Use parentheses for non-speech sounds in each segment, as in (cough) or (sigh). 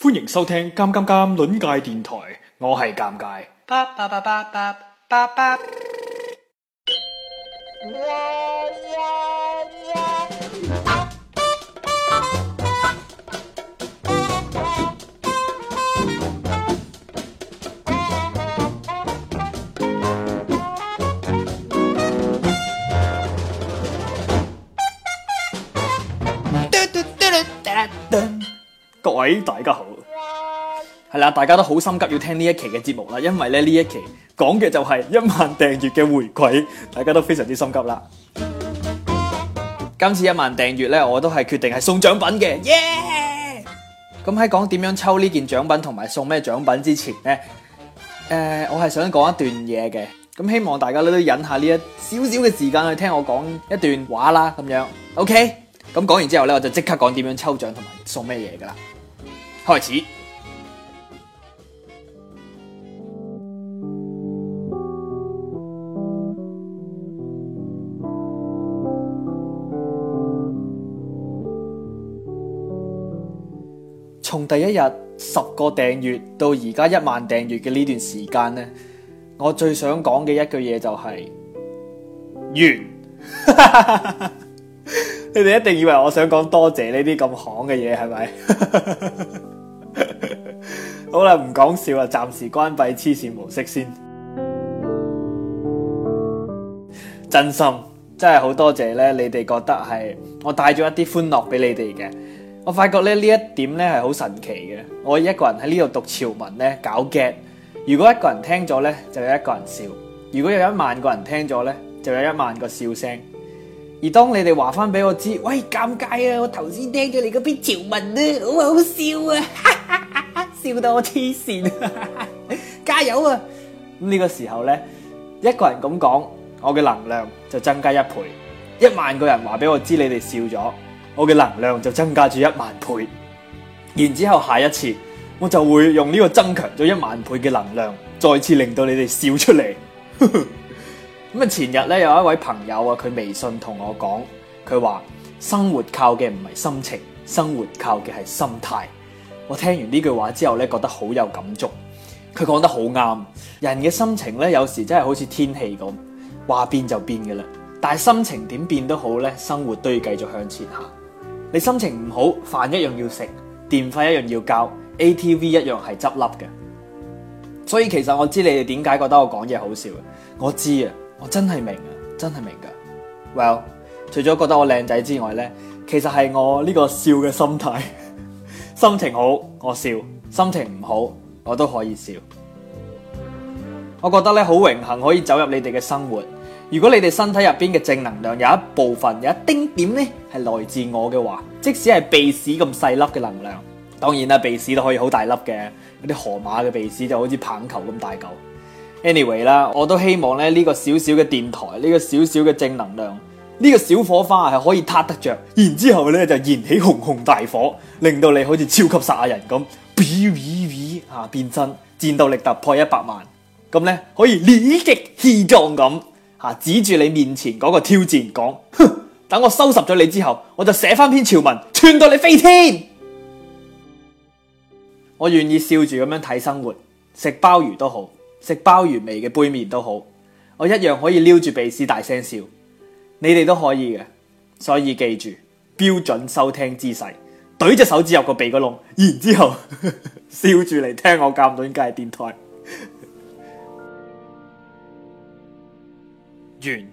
歡迎收聽《尷尷尷》尷尬電台，我係尷尬。各位大家好。嗱，大家都好心急要聽呢一期嘅節目啦，因為咧呢一期講嘅就係一萬訂閱嘅回饋，大家都非常之心急啦。 (music) 今次一萬訂閱咧，我都係決定係送獎品嘅，耶！咁喺講點樣抽呢件獎品同埋送咩獎品之前，誒，誒，我係想講一段嘢嘅，咁希望大家咧都忍下呢一少少嘅時間去聽我講一段話啦，咁樣，OK？咁講完之後咧，我就即刻講點樣抽獎同埋送咩嘢噶啦，開始。從第一日十個訂閱到而家一萬訂閱嘅呢段時間呢，我最想講嘅一句嘢就係、是、完。 (laughs) 你哋一定以為我想講多謝呢啲咁行嘅嘢係咪？ (laughs) 好啦，唔講笑啦，暫時關閉黐線模式先。真心真係好多謝咧，你哋覺得係我帶咗一啲歡樂俾你哋嘅。我發覺咧呢這一點咧係好神奇嘅。我一個人喺呢度讀潮文咧搞 get，如果一個人聽咗咧就有一個人笑；如果有一萬個人聽咗咧就有一萬個笑聲。而當你哋話翻俾我知，喂，尷尬啊！我頭先聽咗你嗰篇潮文啦、啊，好好笑啊，笑到我黐線， (laughs) 加油啊！咁、這、呢個時候咧，一個人咁講，我嘅能量就增加一倍。一萬個人話俾我知你哋笑咗。我嘅能量就增加咗一萬倍，然之後下一次我就會用呢個增強咗一萬倍嘅能量，再次令到你哋笑出嚟。咁啊，前日咧有一位朋友啊，佢微信同我講，佢話生活靠嘅唔係心情，生活靠嘅係心態。我聽完呢句話之後咧，覺得好有感觸。佢講得好啱，人嘅心情咧有時真係好似天氣咁，話變就變噶啦。但係心情點變都好咧，生活都要繼續向前行。你心情唔好，飯一樣要食，電費一樣要交，ATV 一樣係執笠㗎。所以其實我知你哋點解覺得我講嘢好笑。我知啊，我真係明啊，真係明㗎。Well，除咗覺得我靚仔之外呢，其實係我呢個笑嘅心態。心情好，我笑；心情唔好，我都可以笑。我覺得咧，好榮幸可以走入你哋嘅生活。如果你哋身體入邊嘅正能量有一部分有一丁點呢係來自我嘅話，即使係鼻屎咁細粒嘅能量，當然啦，鼻屎都可以好大粒嘅，嗰啲河馬嘅鼻屎就好似棒球咁大嚿。Anyway 啦，我都希望咧呢個小小嘅電台呢、這個小小嘅正能量呢、這個小火花係可以撻得着，然之後呢就燃起熊熊大火，令到你好似超級殺人咁嗶嗶嗶，變身戰鬥力突破一百萬，咁呢可以理直氣壯咁。吓指住你面前嗰個挑戰講，哼！等我收拾咗你之後，我就寫翻篇潮文，串到你飛天。 (noise) 我願意笑住咁樣睇生活，食鮑魚都好，食鮑魚味嘅杯麵都好，我一樣可以撩住鼻屎大聲笑。你哋都可以嘅，所以記住標準收聽姿勢，懟隻手指入個鼻個窿，然之後笑住嚟聽我教腦筋界電台。完。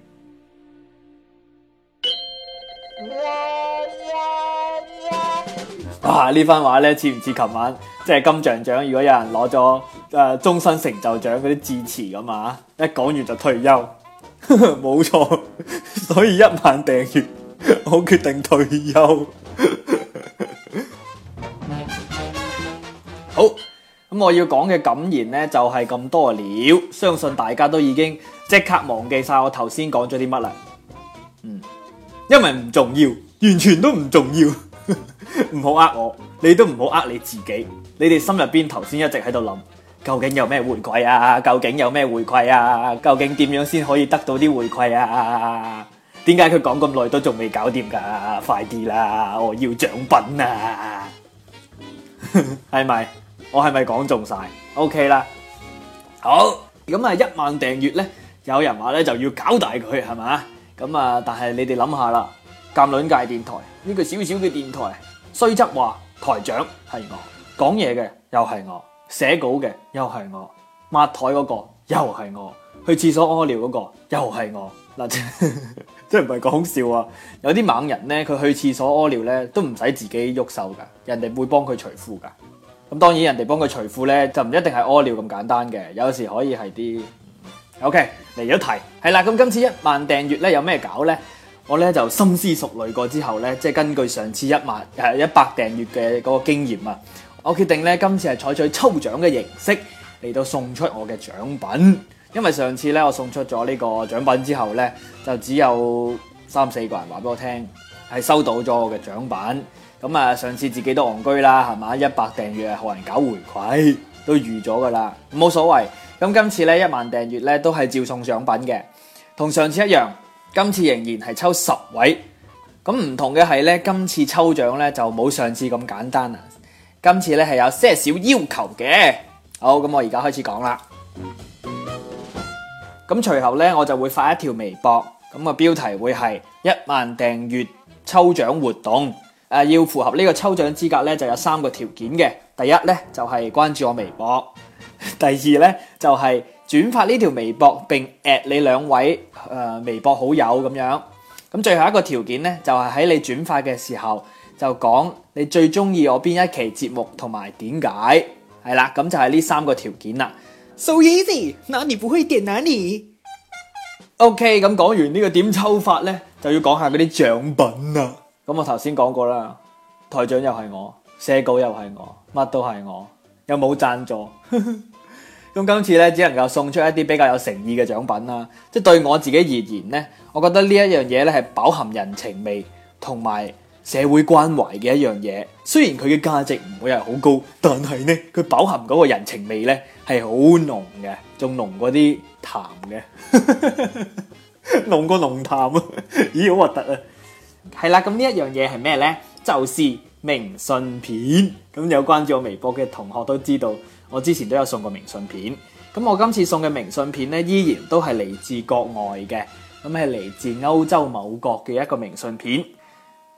哇、啊！呢番話咧似唔似琴晚即係金像獎，如果有人攞咗誒終身成就獎嗰啲致辭咁嘛，一講完就退休。冇 (laughs) 錯，所以一萬訂閱，我決定退休。咁我要講嘅感言呢，就係咁多了。相信大家都已經即刻忘記晒我頭先講咗啲乜啦。嗯，因為唔重要，完全都唔重要。唔好呃我，你都唔好呃你自己。你哋心入邊頭先一直喺度諗，究竟有咩回饋啊？究竟有咩回饋啊？究竟點樣先可以得到啲回饋啊？點解佢講咁耐都仲未搞掂噶？快啲啦！我要獎品啊，係咪？我係咪講中晒？OK 啦，好咁啊！一萬訂閱呢，有人話呢就要搞大佢係咪？咁啊，但係你哋諗下啦，鑑論界電台呢句、呢個、小小嘅電台，雖則話台長係我，講嘢嘅又係我，寫稿嘅又係我，抹台嗰個又係我，去廁所屙尿嗰、嗰個又係我嗱， (laughs) 真真唔係講笑啊！有啲猛人呢，佢去廁所屙尿呢，都唔使自己喐手㗎，人哋會幫佢除褲㗎。咁當然人哋幫佢除褲咧，就唔一定係屙尿咁簡單嘅，有時可以係啲 OK 嚟咗題，係啦。咁今次一萬訂閱咧有咩搞呢？我咧就深思熟慮過之後咧，即係根據上次一萬誒一百訂閱嘅嗰個經驗啊，我決定咧今次係採取抽獎嘅形式嚟到送出我嘅獎品，因為上次咧我送出咗呢個獎品之後咧，就只有三四個人話俾我聽係收到咗我嘅獎品。咁啊！上次自己都戇居啦，係咪一百訂閱學人搞回饋都預咗噶啦，冇所謂。咁今次咧，一萬訂閱咧都係照送獎品嘅，同上次一樣。今次仍然係抽十位，咁唔同嘅係咧，今次抽獎咧就冇上次咁簡單啦。今次咧係有些少要求嘅。好，咁我而家開始講啦。咁隨後咧，我就會發一條微博，咁個標題會係一萬訂閱抽獎活動。誒、呃，要符合呢個抽獎資格咧，就有三個條件嘅。第一咧就係、是、關注我微博，第二咧就係、是、轉發呢條微博並 at 你兩位誒、呃、微博好友咁樣。咁最後一個條件咧就係、是、喺你轉發嘅時候就講你最中意我邊一期節目同埋點解係啦。咁就係呢三個條件啦。So easy，哪裏不會點哪裏。OK，咁、嗯、講完這個麼呢個點抽法咧，就要講下嗰啲獎品啦。咁我頭先講過啦，台長又係我，社稿又係我，乜都係我，又冇贊助。咁 (laughs) 今次咧，只能夠送出一啲比較有誠意嘅獎品啦。即係對我自己而言咧，我覺得呢一樣嘢咧係飽含人情味同埋社會關懷嘅一樣嘢。雖然佢嘅價值唔會係好高，但係咧，佢飽含嗰個人情味咧係好濃嘅，仲濃過啲痰嘅， (laughs) 濃過濃痰啊！咦，好核突啊！係啦，咁呢一樣嘢係咩咧？就是明信片。咁有關注我微博嘅同學都知道，我之前都有送過明信片。咁我今次送嘅明信片咧，依然都係嚟自國外嘅，咁係嚟自歐洲某國嘅一個明信片。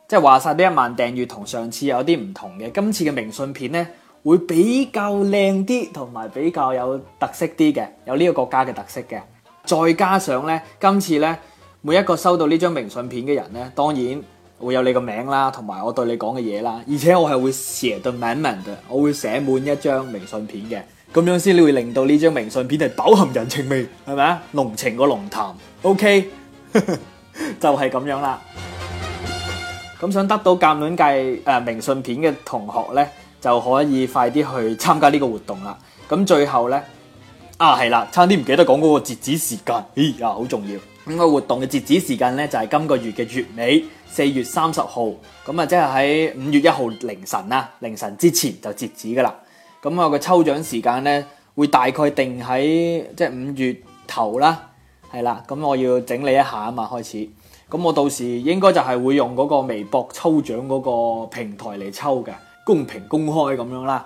即係話晒呢一萬訂閱同上次有啲唔同嘅，今次嘅明信片咧會比較靚啲，同埋比較有特色啲嘅，有呢個國家嘅特色嘅。再加上咧，今次咧。每一個收到呢張明信片嘅人咧，當然會有你個名啦，同埋我對你講嘅嘢啦，而且我係會寫到滿滿嘅，我會寫滿一張明信片嘅，咁樣先你會令到呢張明信片係飽含人情味，係咪啊？濃情個濃談，OK， (laughs) 就係咁樣啦。咁 (music) 想得到鑑戀界誒、呃、明信片嘅同學咧，就可以快啲去參加呢個活動啦。咁最後咧。啊，係啦，差啲唔記得講嗰個截止時間，咦，好重要。咁個活動嘅截止時間咧就係今個月嘅月尾，四月三十號。咁啊，即係喺五月一號凌晨啦，凌晨之前就截止噶啦。咁我個抽獎時間咧會大概定喺即係五月頭啦，係啦。咁我要整理一下啊嘛，開始。咁我到時應該就係會用嗰個微博抽獎嗰個平台嚟抽嘅，公平公開咁樣啦。